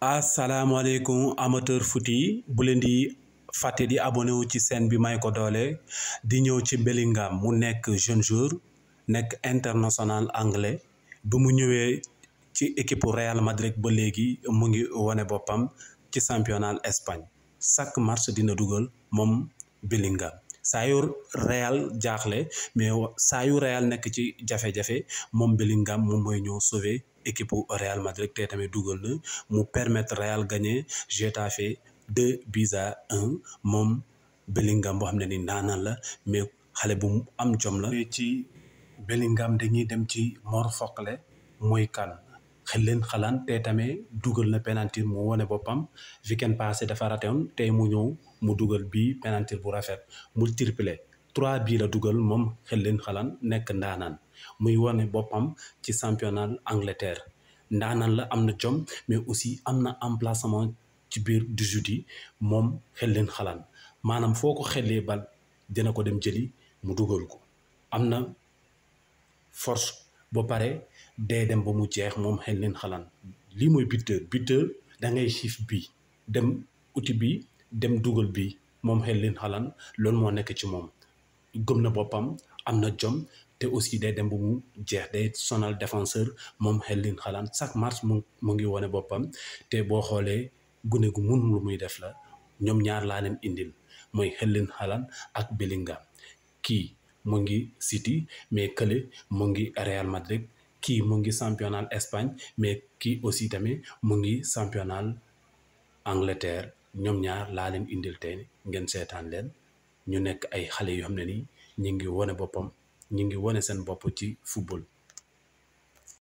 asalaamaaleykum amateur foot yi bu leen di fàtte di abonné wu ci seen bi may ko doole di ñëw ci Bellingham mu nekk jeune jour nekk international anglais bi mu ñëwee ci équipe Real Madrid ba léegi mu ngi wane boppam ci championnat Espagne chaque match dina dugal moom Bellingham saa yu Real jaaxle mais saa yu Real nekk ci jafe-jafe moom Bellingham moom mooy ñëw sauver équipe Real Madrid te tamit dugal na mu permettre réal gagner Getafe deux buts à un moom Bellingham boo xam ne ni ndaanaan la mais xale bu am jom la. ci Bellingham dañuy dem ci Mor Fokle mooy kan. xel leen xalaan te tamit dugal na penalti mu wone boppam weekend passé dafa raté woon tey mu ñëw mu dugal bi penalti bu rafet mu trois bii la dugal moom xel xalaan nekk ndaanaan. muy wane boppam ci championnat Angleterre ndaanaan la am na jom mais aussi am na emplacement ci biir du judi moom xel leen xalaan maanaam foo ko xelee bal dina ko dem jëli mu dugal ko am na force ba pare day dem ba mu jeex moom xel leen xalaan lii mooy buteur buteur da ngay xiif bii dem uti bi dem dugal bi moom xel leen xalaan loolu moo nekk ci moom gëm na boppam am na jom te aussi day dem bu mu jeex day sonal défenseur moom Erling Haaland chaque match mu mu ngi wane boppam te boo xoolee gune gu mun lu muy def la ñoom ñaar laa leen indil mooy Erling Haaland ak Bellingham kii mu ngi City mais kële mu ngi Real Madrid kii mu ngi championnat Espagne mais kii aussi tamit mu ngi championnat Angleterre ñoom ñaar laa leen indil tey ngeen seetaan leen ñu nekk ay xale yoo ne nii ñu ngi wone boppam. ñu ngi wane seen bopp ci football.